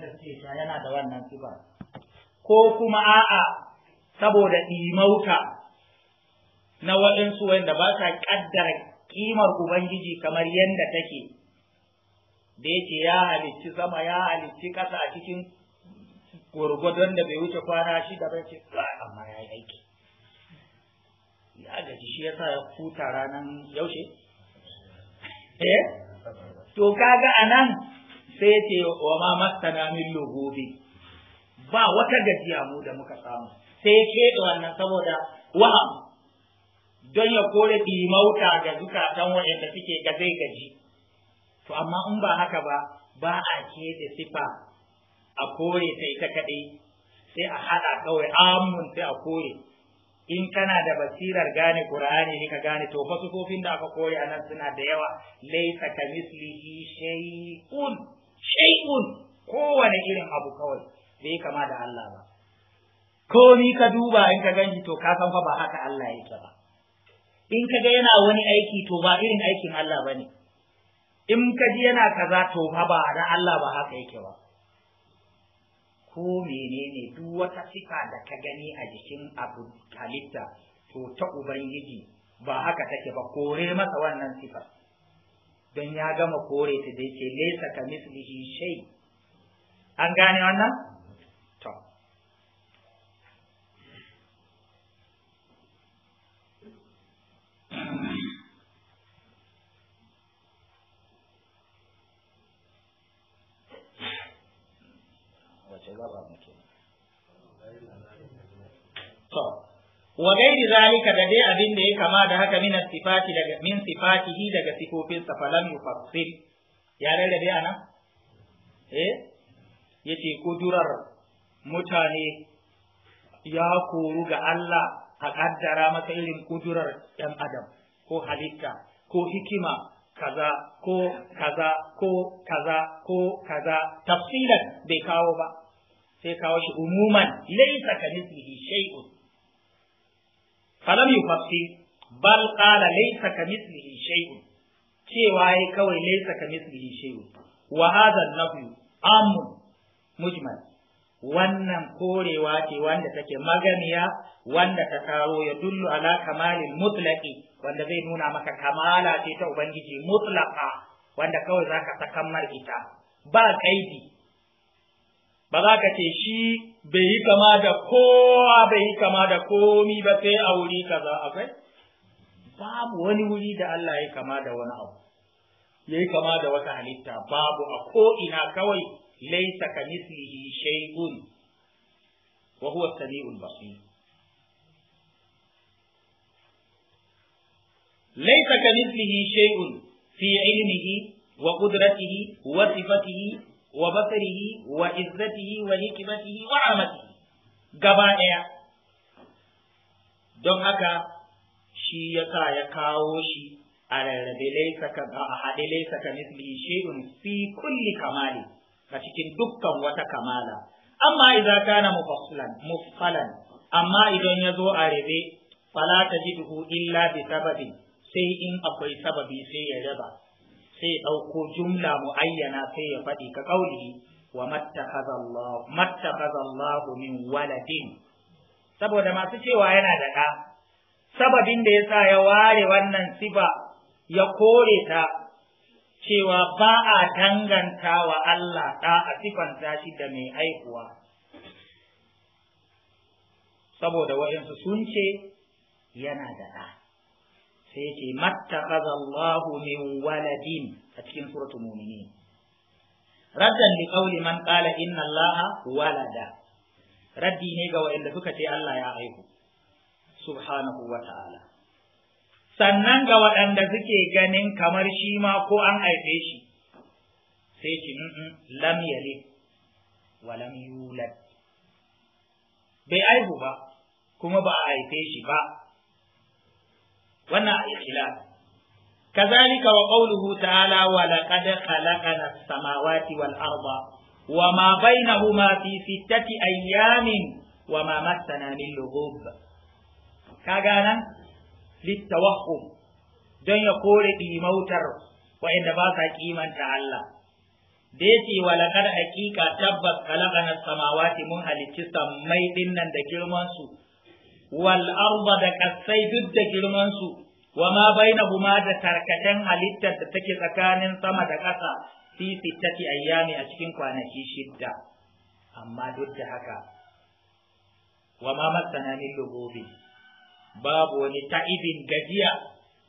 da suke sha yana da wannan sifa ko kuma a'a saboda imauta na waɗansu wanda ba sa ƙaddara ƙimar ubangiji kamar yadda take da yake ya halicci sama ya halicci ƙasa a cikin gwargwadon da bai wuce kwana shida bai ce amma ya yi aiki ya gaji shi ya ya huta ranar yaushe eh to kaga anan sai ya ce wa ma masana min lugubi ba wata gajiya mu da muka samu sai ya da wannan saboda waham don ya kore mauta ga zukatan waɗanda suke ga zai gaji to amma in ba haka ba ba a da sifa a kore ta ita kaɗai sai a haɗa kawai amun sai a kore in kana da basirar gane qur'ani ne ka gane to fasufofin da aka kore anan suna da yawa laisa kamislihi shay'un shay'un kowane irin abu kawai bai kama da Allah ba ni ka duba in ka ganshi to ka san fa ba haka Allah yake ba in ka ga yana wani aiki to ba irin aikin Allah bane in ka ji yana kaza to fa ba na Allah ba haka yake ba ko menene duk wata sifa da ka gani a jikin abu halitta to ta ubangiji ba haka take ba kore masa wannan sifar don ya gama kore ta da yake lesa ka mislihi shay an gane wannan wa gairi zalika da dai abin da ya kama da haka min sifati daga min sifatihi daga sifofin sa falam yufassil ya rarrabe ana eh yace kudurar mutane ya koru ga Allah a kaddara masa irin kudurar dan adam ko halitta ko hikima kaza ko kaza ko kaza ko kaza tafsilan bai kawo ba sai kawo shi umuman laysa ka shay'un falam yufassir bal qala laysa kamithlihi shay'un cewa yayi kawai laysa kamithlihi shay'un wa hadha an amun mujmal wannan korewa ce wanda take maganiya, wanda ta karo ya dullu ala kamalil mutlaqi wanda zai nuna maka kamala ce ta ubangiji mutlaqa wanda kawai zaka takammar ita ba kaidi ba za ka ce shi bai yi kama da kowa bai yi kama da komi ba sai a wuri kaza akwai babu wani wuri da Allah ya kama da wani abu ya yi kama da wata halitta babu a ko'ina kawai laisa ka mislihi shaigun. wa huwa sami'ul basir laisa ka mislihi shay'un fi ilmihi wa qudratihi wa sifatihi wa basarihi wa izzatihi wa hikimatihi wa amatihi gaba ɗaya don haka shi ya sa ya kawo shi a rarrabe laisa ka a haɗe laisa ka misli shay'un fi kulli kamali a cikin dukkan wata kamala amma idza kana mufassilan mufsalan amma idan ya zo a rabe fala tajiduhu illa bi sababin sai in akwai sababi sai ya raba sai ɗauko jumla muayyana sai ya faɗi ka kauli wa mattakaza Allahu min waladin saboda masu cewa yana da ɗa sababin da sa ya ware wannan sifa ya kore ta cewa ba a danganta wa Allah ɗa a sifanta shi da mai haihuwa saboda wa'yansu sun ce yana da ɗa sai yace mattaqaza Allahu min waladin a cikin suratul mu'minin raddan li qawli man qala inna Allaha walada raddi ne ga wanda suka ce Allah ya aihu subhanahu wa ta'ala sannan ga waɗanda suke ganin kamar shi ma ko an haife shi sai ce lam yalid wa lam yulad bai aihu ba kuma ba a haife shi ba wannan ikhlas kazalika wa qawluhu ta'ala wa laqad khalaqana as-samawati wal arda wa ma bainahuma fi sittati ayyamin wa ma massana min lughub kaga nan litawahhum don ya kore ɗimautar wa'inda ba sa kimanta Allah da yace wa laqad haqiqa tabbas khalaqana samawati mun halicci sammai ɗinnan da girman su wal arda da ƙasai duk da girman su wa ma bainahuma da karkatan halittar da take tsakanin sama da ƙasa fi sittati ayyami a cikin kwanaki shidda amma duk da haka wa ma masana min lugubi babu wani ta'ibin gajiya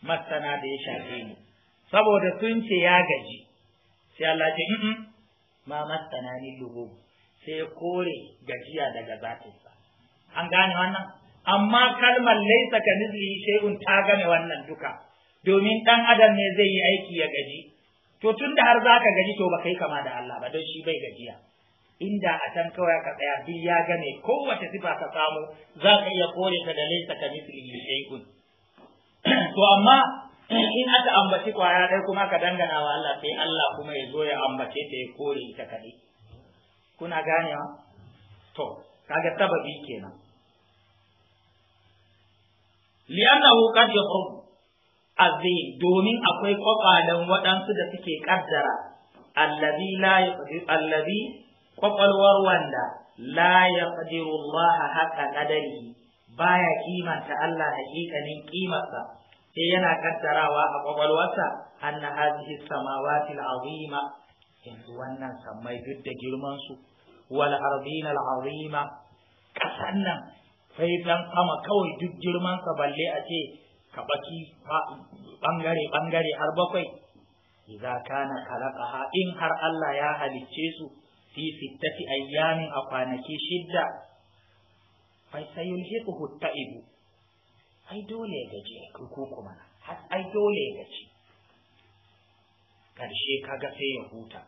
masana da ya shafe ni saboda sun ce ya gaji sai Allah ce ma masana min lugubi sai kore gajiya daga zatinsa an gane wannan amma kalmar laisa ka mislihi ta game wannan duka domin ɗan adam ne zai yi aiki ya gaji to tun da har za ka gaji to baka kai kama da Allah ba don shi bai gajiya inda a can kawai ka tsaya duk ya game kowace sifa ka samu za ka iya kore ka da laisa ka mislihi to amma in aka ambaci kwaya ɗaya kuma ka dangana wa Allah sai Allah kuma ya zo ya ambace ta ya kore ita kaɗai kuna ganewa to kaga sababi kenan li'annahu qad yahrum azim domin akwai kwakwalen waɗansu da suke kaddara allazi ƙwaƙwalwar yaqdir allazi kwakwalwar wanda la yaqdiru Allah haqa qadarihi baya ƙimanta Allah hakikanin kimarsa E, yana ƙaddarawa a kwakwalwarsa anna hadhihi samawati al'azima yanzu wannan sammai duk da girman su wal ardina nan sai dan sama kawai duk ka balle a ce ka baki bangare bangare har bakwai idza kana khalaqaha in har Allah ya halicce su fi sittati ayyamin a kwanaki shidda fa sayulhiquhu ta'ibu ai dole ga gaji ko kuma har ai dole ya gaji karshe kaga sai ya huta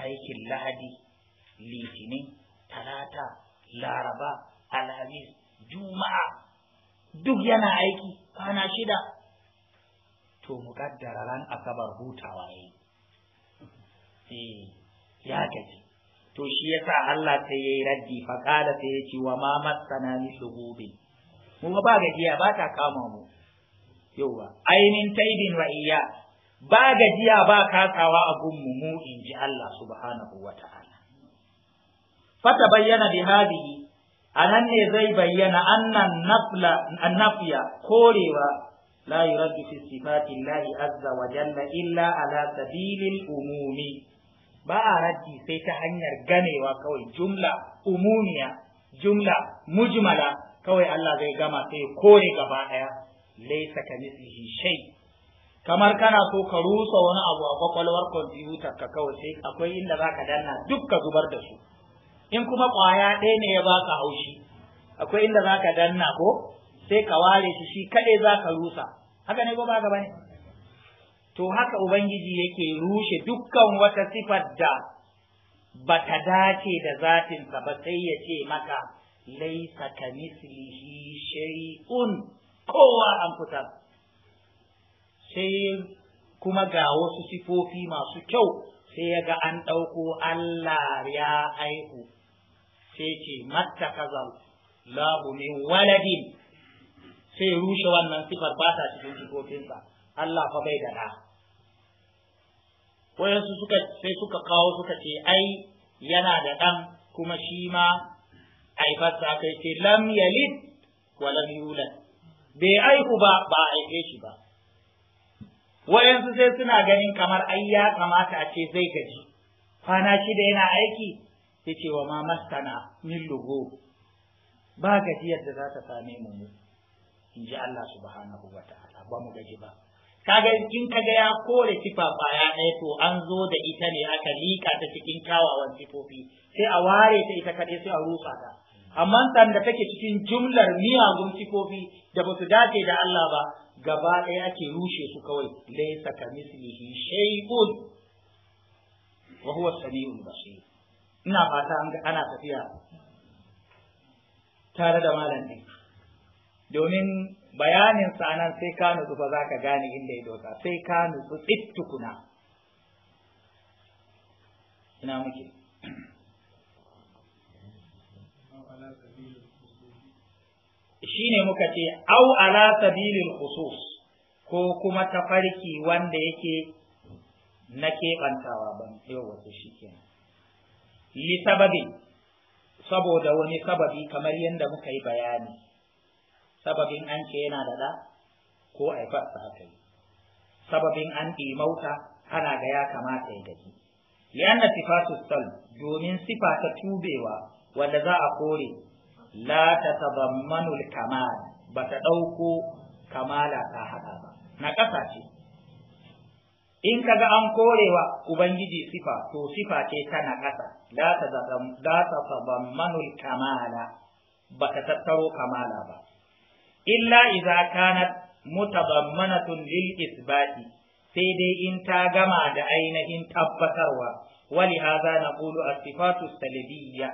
aikin lahadi litinin talata laraba alhamis juma'a duk yana aiki kwana shida to muƙaddara ran asabar hutawa ya yi eh, ya gaji to shi yasa Allah sai ya yi raddi kada sai ya ce wa ma masana ni mu ba gajiya ba ta kama mu yauwa ainin taibin wa iya ba gajiya ba kasawa a gunmu mu in ji Allah subhanahu wa ta'ala fata bayyana bi hadhihi a nan ne zai bayyana annan nafya korewa la yuraddu fi sifati llahi azza wa jalla illa ala sabilil umumi ba a raddi sai ta hanyar ganewa kawai jumla umumiya jumla mujmala kawai Allah zai gama sai kore gaba daya laysa kamithlihi shay' kamar kana so ka rusa wani abu a kwakwalwar kwamfutar ka kawai sai akwai inda zaka ka danna duk ka zubar da su in kuma kwaya ɗaya ne ya baka haushi akwai inda zaka danna ko sai ka ware shi shi kaɗai za rusa haka ne ko ba ka bane to haka ubangiji yake rushe dukkan wata sifar da ba ta dace da zatinsa ba sai ya ce maka laisa ka mislihi shay'un kowa an fitar sai kuma ga wasu sifofi masu kyau sai ya ga an ɗauko Allah ya haihu sai ce matta kazal lahu min waladin sai rushe wannan sifar ba ta cikin sifofinsa Allah fa bai da ɗa wayansu suka sai suka kawo suka ce ai yana da ɗan kuma shi ma aifarsa kai ce lam yalid wa lam yulad bai aiku ba ba a haife shi ba wayansu sai suna ganin kamar ai ya kamata a ce zai gaji kwana shida yana aiki ya ce wa ma masana min lugo ba gajiyar da za ta same mu mu in ji Allah subhanahu wa ta'ala ba mu gaji ba kaga in ka ga ya kore sifa baya ɗaya to an zo da ita ne aka lika ta cikin kyawawan sifofi sai a ware ta ita kaɗai sai a rufa ta amma sanda take cikin jumlar miyagun sifofi da ba su dace da Allah ba gaba ɗaya ake rushe su kawai laisa ka mislihi shay'un wa huwa samiul basir ina fata an ga ana tafiya tare da malam din domin bayanin nan sai ka nutsu fa za ka gane inda ya dosa sai ka nutsu tsittukuna ina muke shine muka ce au ala sabilil khusus ko kuma tafarki wanda yake na keɓantawa ban yau wasu shi kenan sababi saboda wani sababi kamar yadda muka yi bayani sababin an ce yana da ɗa ko aifarsa haka yi sababin an mauta ana ga ya kamata ya gaji li'anna sifatu sal domin sifa ta tubewa wanda za a kore la ta tazammanul kamal ba ta ɗauko kamala ta haɗa ba na ce in kaga an korewa ubangiji sifa to sifa ce ta na ƙasa la ta tazammanul kamala ba ta tattaro kamala ba illa idza kanat mutadammanatun lil isbati sai dai in ta gama da ainihin tabbatarwa wali hadha naqulu as-sifatu salibiyya,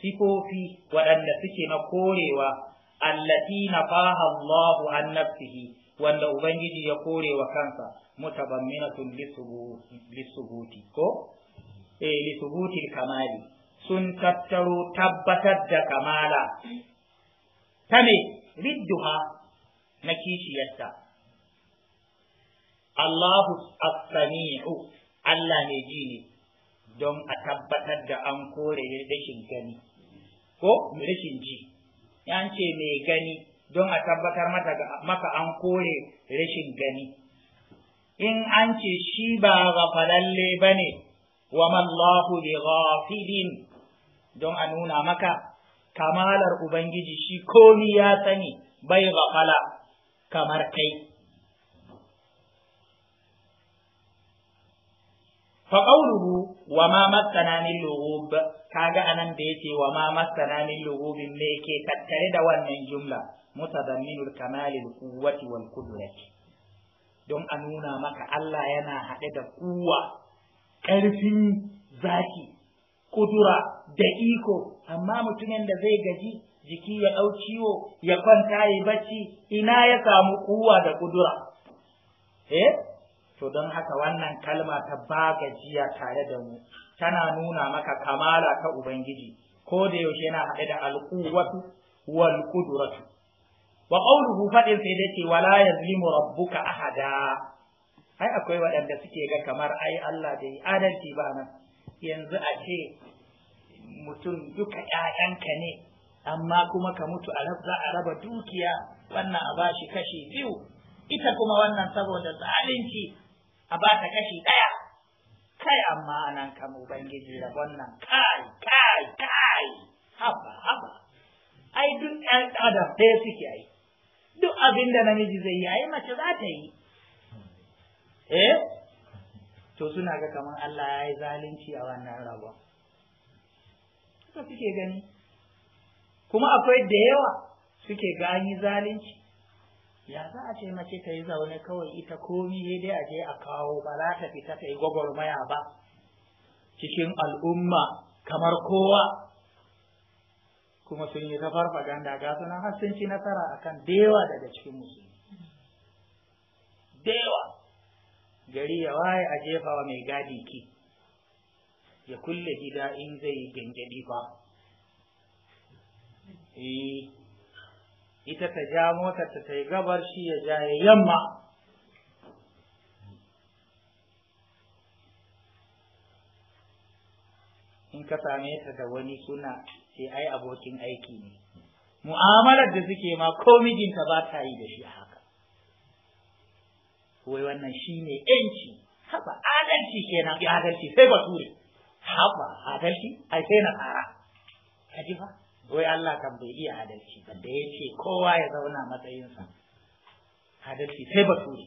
sifofi waɗanda suke na korewa allati nafaha Allahu an nafsihi wanda ubangiji ya korewa kansa mutabamminatun lisubuti ko eh lisubutil kamali sun tattaro tabbatar da kamala ta me ridduha na kishiyarta Allahu as-sami'u Allah ne ji ne don a tabbatar da an kore rashin gani ko rashin ji an ce mai gani don a tabbatar maka an kore rashin gani in an ce shi ba gafalalle ba ne wa mallahu bi ghafilin don a nuna maka kamalar ubangiji shi komi ya sani bai gafala kamar kai fa qawluhu wa ma massana min lughub kaga anan da yace wa ma massana min lughub me yake tattare da wannan jumla mutadamminul kamalil quwwati wal qudrati don a nuna maka Allah yana haɗe da kuwa ƙarfin zaki kudura da iko amma mutumin da zai gaji jiki ya ɗau ciwo ya kwanta ya bacci ina ya samu kuwa da kudura eh to don haka wannan kalma ta ba gajiya tare da mu tana nuna maka kamala ta ubangiji ko da yaushe yana haɗe da alƙuwatu wal qudratu wa qawluhu fadin sai da ce wala yazlimu rabbuka ahada ai akwai waɗanda suke ga kamar ai Allah bai adalci ba nan yanzu a ce mutum duka ƴaƴanka ne amma kuma ka mutu a za a raba dukiya wannan a bashi kashi biyu ita kuma wannan saboda zalunci a ba ta kashi ɗaya kai amma nan kan ubangiji da wannan kai kai kai haba haba ai duk ɗan adam ɗaya suke ai duk abin da namiji zai yi ai mace za ta yi eh to suna ga kamar Allah ya yi zalunci a wannan rabon haka suke gani kuma akwai da yawa suke gani zalunci ya za a ce mace ta yi zaune kawai ita komi dai a je a kawo ba za ta fita ta yi gwagwarmaya ba cikin al'umma kamar kowa kuma sun yi ta farfaganda ga suna har sun ci nasara akan dewa daga cikin musulmi dewa gari ya waye a jefa wa mai gadi ki ya kulle gida in zai gengedi ba eh ita ta ja mota ta ta yi gabar shi ya ja ya yamma in ka same ta da wani suna sai ai abokin aiki ne mu'amalar da suke ma ko mijinta ba ta yi da shi haka wai wannan shi ne yanci haba adalci kenan ya adalci sai bature haba adalci ai sai na tsara ka ji ba wai Allah kan bai iya adalci ba da ya ce kowa ya zauna matsayinsa adalci sai bature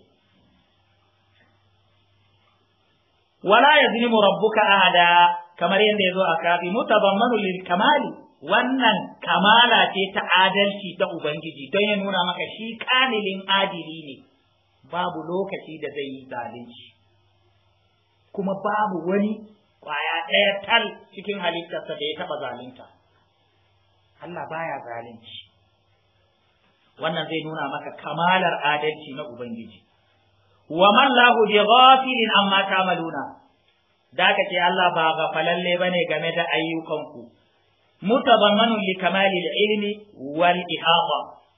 wala ya yazlimu rabbuka ahada kamar yadda ya zo a kafi ban lil kamali wannan kamala ce ta adalci ta ubangiji don ya nuna maka shi kamilin adili ne babu lokaci da zai yi zalunci kuma babu wani kwaya ɗaya tal cikin halittarsa da ya taɓa zalunta Allah baya zalunci wannan zai nuna maka kamalar adalci na ubangiji wa man lahu bi ghafilin amma ta'maluna da ka ce Allah ba gafalalle bane game da ayyukanku mutabammanu li kamali ilmi wal ihaba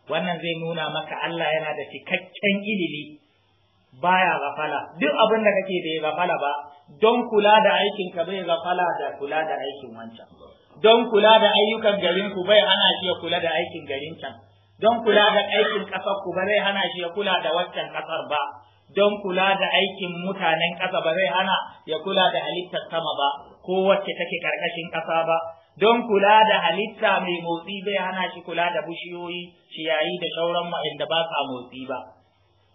wannan zai nuna maka Allah yana da cikakken ilimi baya gafala duk abin da kake bai gafala ba don kula da aikin ka bai gafala da kula da aikin wancan don kula da ayyukan garinku bai hana shi ya kula da aikin garin can don kula da aikin ƙasar ku ba zai hana shi ya kula da waccan ƙasar ba don kula da aikin mutanen ƙasa ba zai hana ya kula da halittar sama ba ko wacce take ƙarƙashin ƙasa ba don kula da halitta mai motsi zai hana shi kula da bishiyoyi ciyayi da sauran inda ba sa motsi ba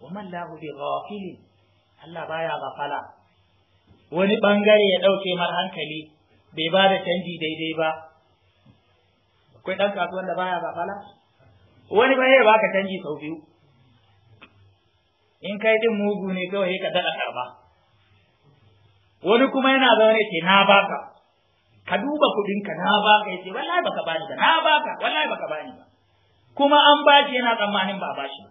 wa mallahu bi ghafilin Allah baya gafala wani bangare ya ɗauke mar hankali bai ba da canji daidai ba akwai ɗan kasuwan da baya gafala wani ba ya baka canji sau biyu in kai din mugu ne kawai ka daɗa karba wani kuma yana zaune ce na baka ka duba kuɗinka na baka yace wallahi baka bani ba na baka wallahi baka bani ba kuma an bashi yana tsammanin ba a bashi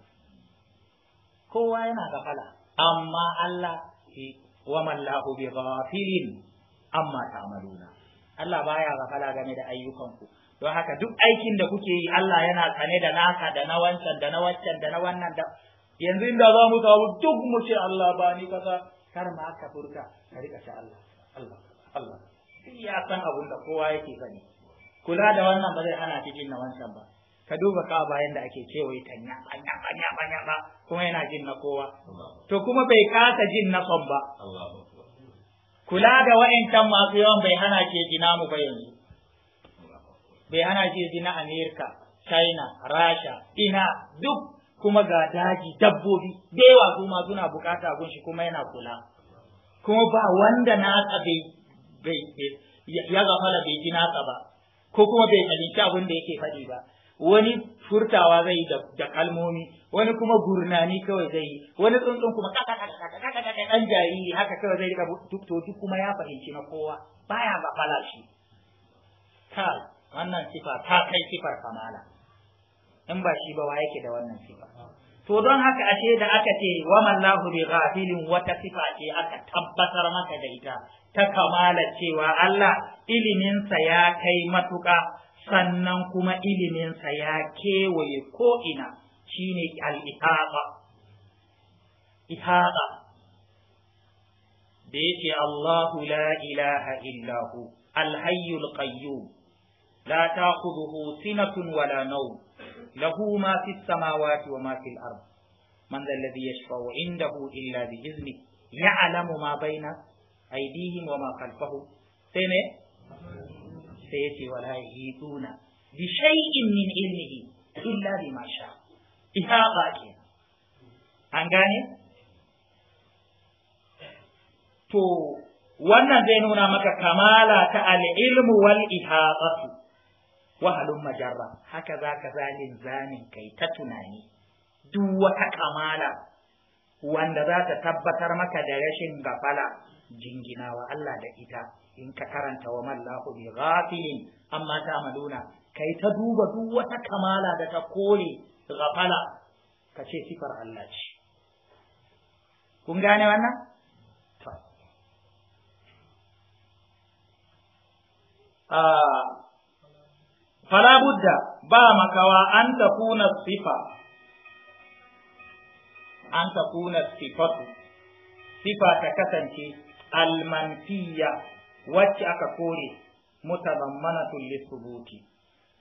kowa yana gafala amma Allah wa mallahu bi ghafilin amma ta'maluna Allah baya gafala game da ayyukanku don haka duk aikin da kuke yi Allah yana tsane da naka da na wancan da na wancan da na wannan da yanzu inda za mu kawo duk mu ce Allah ba ni kaza kar ma ka furta ka rika ta Allah Allah Allah ya san abun da kowa yake gani kula da wannan ba zai hana ki jin na wancan ba ka duba ka bayan da ake cewa ita nya nya nya nya kuma yana jin na kowa to kuma bai kasa jin na son ba kula da wa'ancan masu yawan bai hana ke gina mu ba yanzu bai hana ke gina amerika china rasha ina duk kuma ga daji dabbobi da yawa su ma suna bukata gun shi kuma yana kula kuma ba wanda na bai bai ya gafala bai ji nasa ba ko kuma bai fahimci abin da yake faɗi ba wani furtawa zai yi da kalmomi wani kuma gurnani kawai zai yi wani tsuntsun kuma ɗan jariri haka kawai zai rika to duk kuma ya fahimci na kowa baya bafala shi ta wannan sifa ta kai sifar kamala in ba shi ba wa yake da wannan sifa to don haka ashe da aka ce wa mallahu bi ghafilin wata sifa ce aka tabbatar maka da ita ta kamala cewa Allah iliminsa ya kai matuƙa sannan kuma iliminsa ya kewaye ko'ina shi ne al'ihaɗa. Ihaɗa, da yake Allahu la ilaha illahu, alhayyul qayyum la ta sinatun wala nau, lahu ma fi samawati wa ma fil ard. Man zallabi ya shafa indahu illa bi izni, ya alamu ma baina, aidihim wa ma kalfahu, sai ne? sai yace wala yahiduna bi shay'in min ilmihi illa ma sha ihaba ke an gane to wannan zai nuna maka kamala ta al-ilmu wal ihabatu wahalun majarra haka za ka zalin zanin kai ta tunani duk wata kamala wanda za ta tabbatar maka da rashin gafala jinginawa Allah da ita in ka karanta wa mallahu bi ghafilin amma ta ta'maluna kai ta duba duk wata kamala da ta kore ghafala ka ce sifar Allah ce kun gane wannan to ah, fala budda ba makawa an takuna sifa an takuna sifatu sifa ta kasance almanfiya wacce aka kore mutazammanatun lisubuti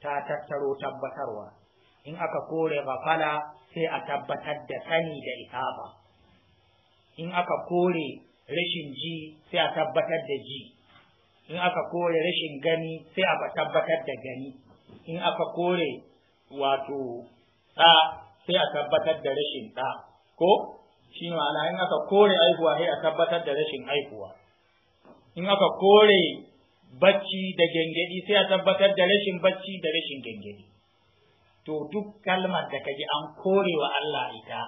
ta tattaro tabbatarwa in aka kore gafala sai a tabbatar da sani da isaba in aka kore rashin ji sai a tabbatar da ji in aka kore rashin gani sai a tabbatar da gani in aka kore wato ɗa sai a tabbatar da rashin ɗa ko shi ma'ana in aka kore aihuwa sai a tabbatar da rashin aihuwa in aka kore bacci da gengedi sai a tabbatar da rashin bacci da rashin gengedi to duk kalmar da kaji an kore wa Allah ita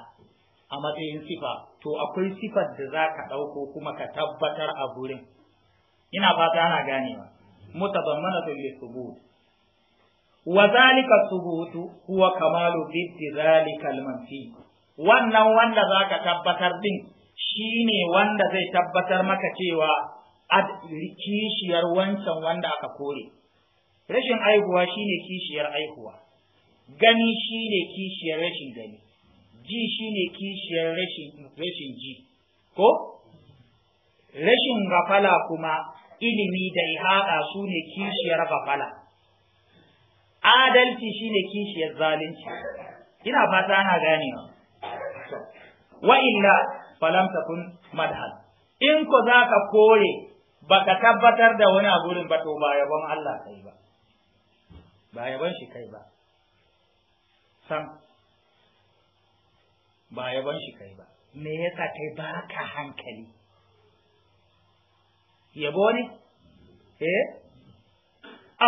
a matsayin sifa to akwai sifar da za ka ɗauko kuma ka tabbatar a gurin ina fata ana ganewa mutazammanatun lisubut wa zalika subutu huwa kamalu bi zalika al wannan wanda za ka tabbatar din shine wanda zai tabbatar maka cewa kishiyar wancan wanda aka kore rashin aihuwa shine kishiyar aihuwa gani shine kishiyar rashin gani ji shine kishiyar rashin rashin ji ko rashin gafala kuma ilimi da ihada su ne kishiyar gafala adalci shine kishiyar zalunci ina fata ana ganewa wa illa falam takun madhal in ko zaka kore Ba ka tabbatar da wani a gurin ba to ba yabon Allah kai ba ba yabon shi kai ba sam ba yabon shi kai ba me yasa kai ba ka hankali yabo ne eh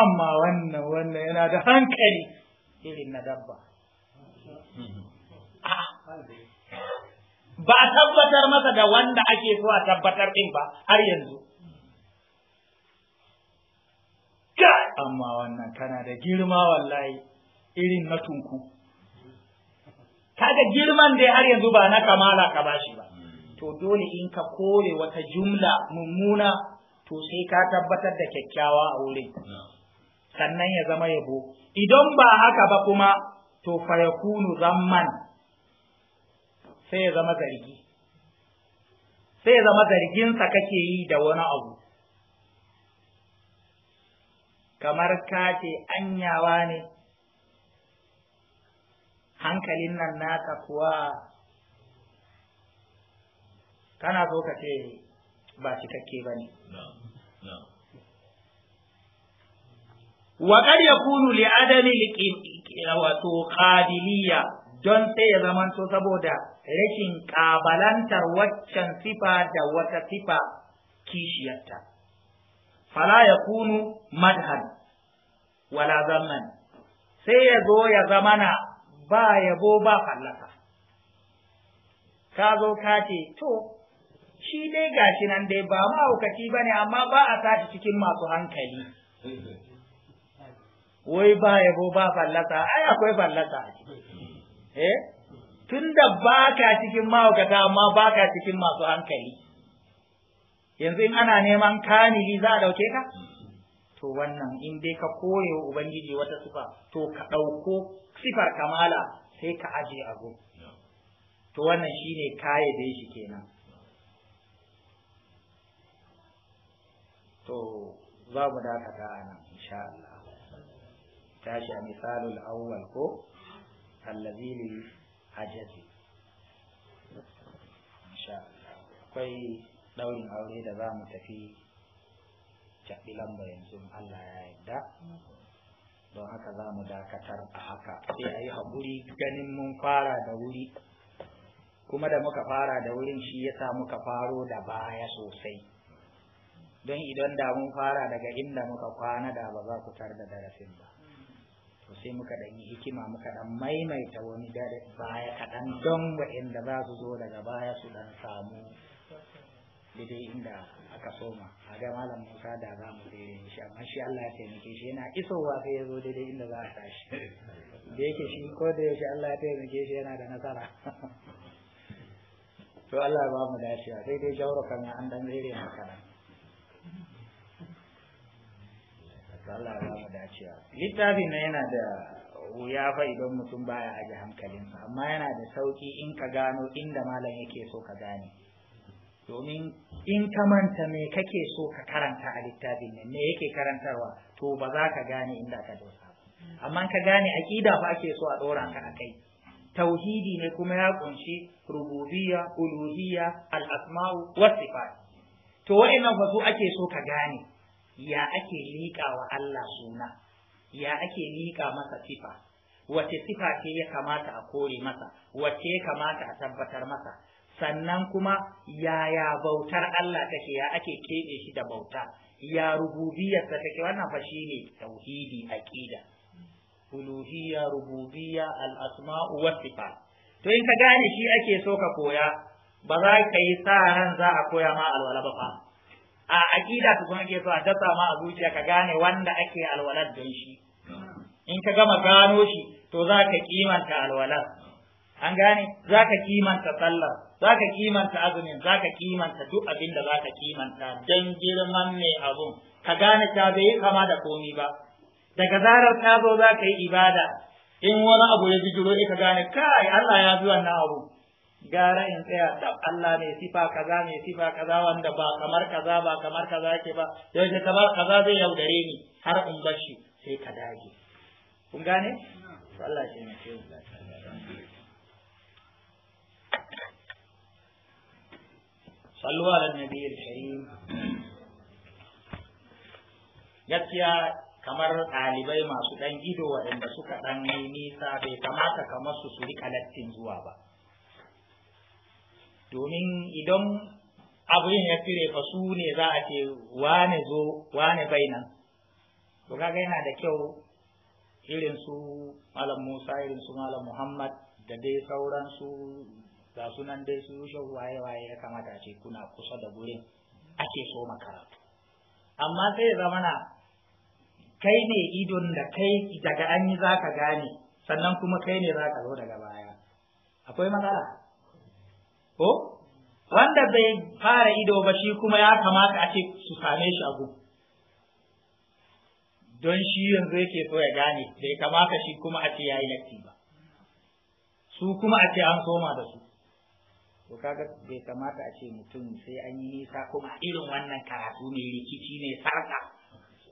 amma wannan wannan yana da hankali irin na dabba ba a tabbatar masa da wanda ake so a tabbatar din ba har yanzu amma wannan kana da girma wallahi irin na tunku kaga girman dai har yanzu ba na kamala ka bashi ba to dole in ka kore wata jumla mummuna to sai ka tabbatar da kyakkyawa a wurin sannan ya zama yabo idan ba haka ba kuma to fa yakunu zamman sai ya zama zargi sai ya zama zarginsa kake yi da wani abu kamar ka anyawa ne hankalin nan naka kuwa kana so ka ce ba cikakke ba ne waƙar ya kunu li'adami wato ƙadiliya don sai ya zamanto saboda rashin ƙabalantar waccan sifa da wata sifa kishiyarta fala ya kunu madhan wala zamman sai ya zo ya zamana ba yabo ba fallasa ka zo ka ce to shi ga gashi nan dai ba mahaukaci ba ne amma ba a tashi cikin masu hankali wai ba yabo ba fallasa ai akwai fallasa eh tun cikin mahaukata amma baka cikin masu hankali yanzu in ana neman kamili za a ɗauke ka to wannan in dai ka kore wa ubangiji wata sifa to ka ɗauko sifar kamala sai ka aje abu to wannan shine da shi kenan to za mu dakata a nan insha Allah tashi a misalul awwal ko allazi lil ajazi insha Allah akwai ɗaurin aure da za mu tafi caɓi lamba yanzu Allah ya yarda don haka za mu dakatar a haka sai a yi ganin mun fara da wuri kuma da muka fara da wurin shi ya sa muka faro da baya sosai don idan da mun fara daga inda muka kwana da ba za ku tar da darasin ba to sai muka ɗan yi hikima muka ɗan maimaita wani baya kaɗan don waɗanda za su zo daga baya su ɗan samu daidai inda aka soma a ga malam musa da za mu tsere shi amma shi allah ya taimake shi yana isowa sai ya zo daidai inda za a tashi da yake shi ko da yaushe allah ya taimake shi yana da nasara to allah ya ba mu dacewa sai dai jaurakan ya an dan tsere makara to allah ya ba mu dacewa littafin na yana da wuya fa idan mutum baya aje hankalinsa amma yana da sauki in ka gano inda malam yake so ka gane domin in ka manta me kake so ka karanta a littafin nan me yake karantarwa to ba za ka gane inda ka dosa ba amma ka gane aqida fa ake so a dora ka akai tauhidi ne kuma ya kunshi rububiyya uluhiyya al-asma'u was sifat to wa'annan fa su ake so ka gane ya ake liƙa wa Allah suna ya ake liƙa masa sifa wace sifa ce ya kamata a kore masa wace ya kamata a tabbatar masa sannan kuma yaya bautar Allah take ya ake keɓe shi da bauta ya rububiyar ta take wannan fa ne tauhidi aqida uluhiyya rububiyya al-asma'u was sifat to in ka gane shi ake so ka koya ba za ka yi sa ran za a koya ma alwala ba fa a aqida ka kuma ake so a dasa ma a zuciya ka gane wanda ake alwalar don shi in ka gama gano shi to za ka kimanta alwalar an gane za ka kimanta sallar za ka kimanta azumin za ka kimanta duk abin da za ka kimanta don girman mai abun ka gane ta bai yi kama da komi ba daga zarar ta zo za ka yi ibada in wani abu ya bijiro ka gane kai Allah ya zuwa na abu gara in tsaya da Allah mai sifa kaza mai sifa kaza wanda ba kamar kaza ba kamar kaza yake ba yaushe kamar kaza zai yaudare ni har in bar sai ka dage kun gane Allah mu صلوا على النبي الكريم gaskiya kamar ɗalibai masu ɗan ido waɗanda suka ɗan yi nisa bai kamata kamar su su riƙa lattin zuwa ba domin idan abin ya fire fa su ne za a ce wane zo wane bai nan to kaga yana da kyau irin su malam musa irin su malam muhammad da dai sauransu ga sunan dai su shan waye waye ya kamata ce kuna kusa da gurin ake so karatu amma sai ya zama na kai ne idon da kai daga an yi zaka gane sannan kuma kai ne zaka zo daga baya akwai matsala ko wanda bai fara ido ba shi kuma ya kamata a ce su same shi a gudu don shi yanzu yake so ya gane bai kamata shi kuma a ce ya yi ba su kuma a ce an soma da su to kaga bai kamata a ce mutum sai an yi nisa kuma irin wannan karatu mai rikici ne sarka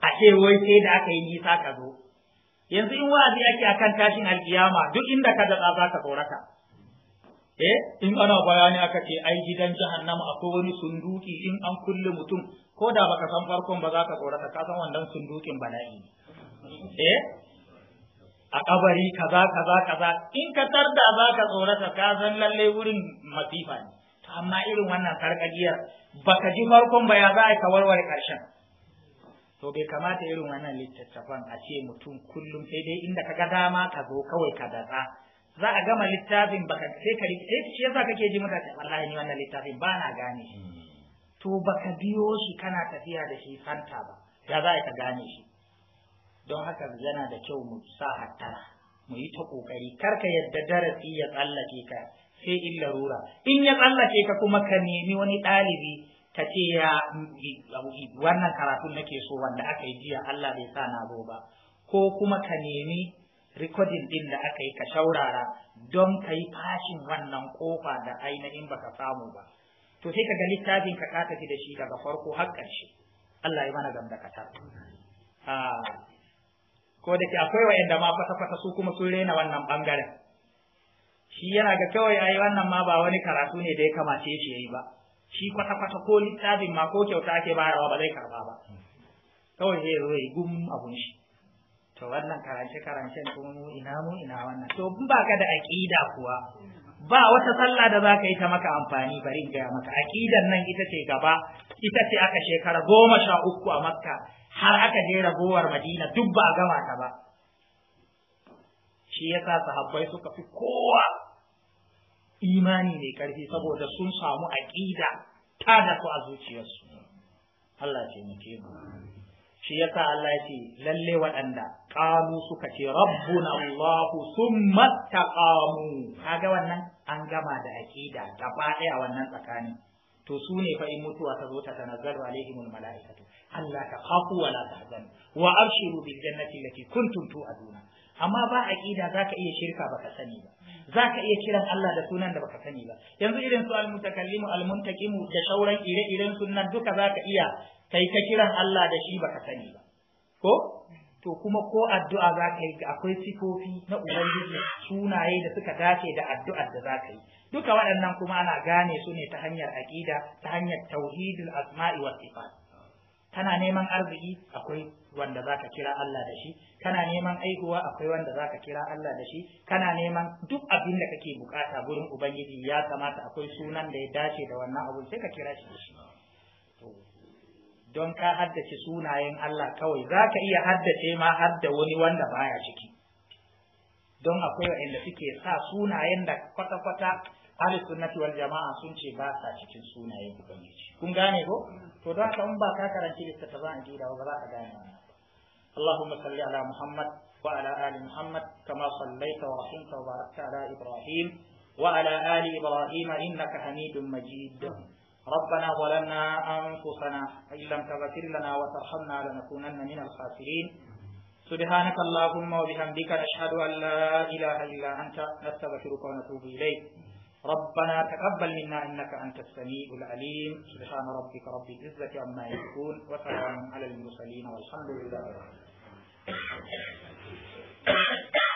a ce wai sai da aka yi nisa ka zo yanzu in wa'azi ake akan tashin alkiyama duk inda ka daɗa za ka tsorata eh in ana bayani aka ce ai gidan jahannama akwai wani sunduki in an kulle mutum ko da baka san farkon ba za ka tsorata ka san wannan sundukin bala'i ne eh a kabari kaza kaza kaza in ka tarda za ka tsorata ka san lalle wurin masifa ne to amma irin wannan sarkakiyar baka ji farkon ba ya za ka warware karshen to bai kamata irin wannan littattafan a ce mutum kullum sai dai inda ka ga dama ka zo kawai ka datsa za a gama littafin baka sai ka rike eh, shi yasa kake ji mutane wallahi ni wannan littafin ba na gane shi hmm. to baka biyo shi kana tafiya da shi fanta ba ya za ka gane shi don haka yana da kyau mu sa hattara mu yi ta kokari kar ka yadda darasi ya tsallake ka sai in larura in ya tsallake ka kuma ka nemi wani ɗalibi ka ce ya wannan karatun nake so wanda aka yi jiya Allah bai sa na zo ba ko kuma ka nemi rikodin din da aka yi ka shaurara don ka yi fashin wannan kofa da ainihin baka samu ba to sai ka ga littafin ka ka da shi daga farko har ƙarshe Allah ya mana Ah. ko da ke akwai wa'anda ma fata-fata su kuma sun rena wannan bangaren shi yana ga kawai ayi wannan ma ba wani karatu ne da ya kamace shi yayi ba shi kwata-kwata ko littafin ma ko kyauta ake bayarwa ba zai karba ba kawai zai zo ya gum abun shi to wannan karance-karancen to mu ina mu ina wannan to in ba ka da aƙida kuwa ba wata sallah da za ka yi ta maka amfani bari in gaya maka aƙidan nan ita ce gaba ita ce aka shekara goma sha uku a makka har aka je ragowar madina duk ba a gama ta ba shi ya sa sahabbai suka fi kowa imani mai karfi saboda sun samu aƙida ta da su a zuciyarsu Allah ce mu ke shi sa Allah ce lalle waɗanda qalu suka ce rabbuna Allahu sun taqamu kaga wannan an gama da aƙida gaba a wannan tsakani to su ne fa in mutuwa ta zo ta tanazzalu alaihimul mala'ikatu Allah ta khafu wa la tahzanu wa abshiru bil jannati allati kuntum tu'aduna amma ba aqida zaka iya shirka baka sani ba zaka iya kiran Allah da sunan da baka sani ba yanzu irin su almutakallimu almuntaqimu da shauran ire-iren sunan duka zaka iya kai ta kiran Allah da shi baka sani ba ko to kuma ko addu'a zaka yi akwai sifofi na ubangiji sunaye da suka dace da addu'ar da za ka yi duka waɗannan kuma ana gane su ne ta hanyar aqida ta hanyar tauhidul asma'i was sifat kana neman arziki akwai wanda zaka kira Allah da shi kana neman aihuwa akwai wanda zaka kira Allah da shi kana neman duk abin da kake bukata gurin ubangiji ya kamata akwai sunan da ya dace da wannan abu sai ka kira shi don ka haddace sunayen Allah kawai zaka iya haddace ma har da wani wanda baya ciki don akwai wanda suke sa sunayen da kwata-kwata ahli sunnati wal jama'a sun ce ba sa cikin sunayen ubangiji kun gane ko to don haka in ba ka karanci littattafan aqida ba za ka gane اللهم صل على محمد وعلى آل محمد كما صليت ورحمت وباركت على إبراهيم وعلى آل إبراهيم إنك حميد مجيد ربنا ظلمنا أنفسنا إن لم تغفر لنا وترحمنا لنكونن من الخاسرين سبحانك اللهم وبحمدك نشهد أن لا إله إلا أنت نستغفرك ونتوب إليك ربنا تقبل منا انك انت السميع العليم سبحان ربك رب العزه عما يصفون وسلام على المرسلين والحمد لله رب العالمين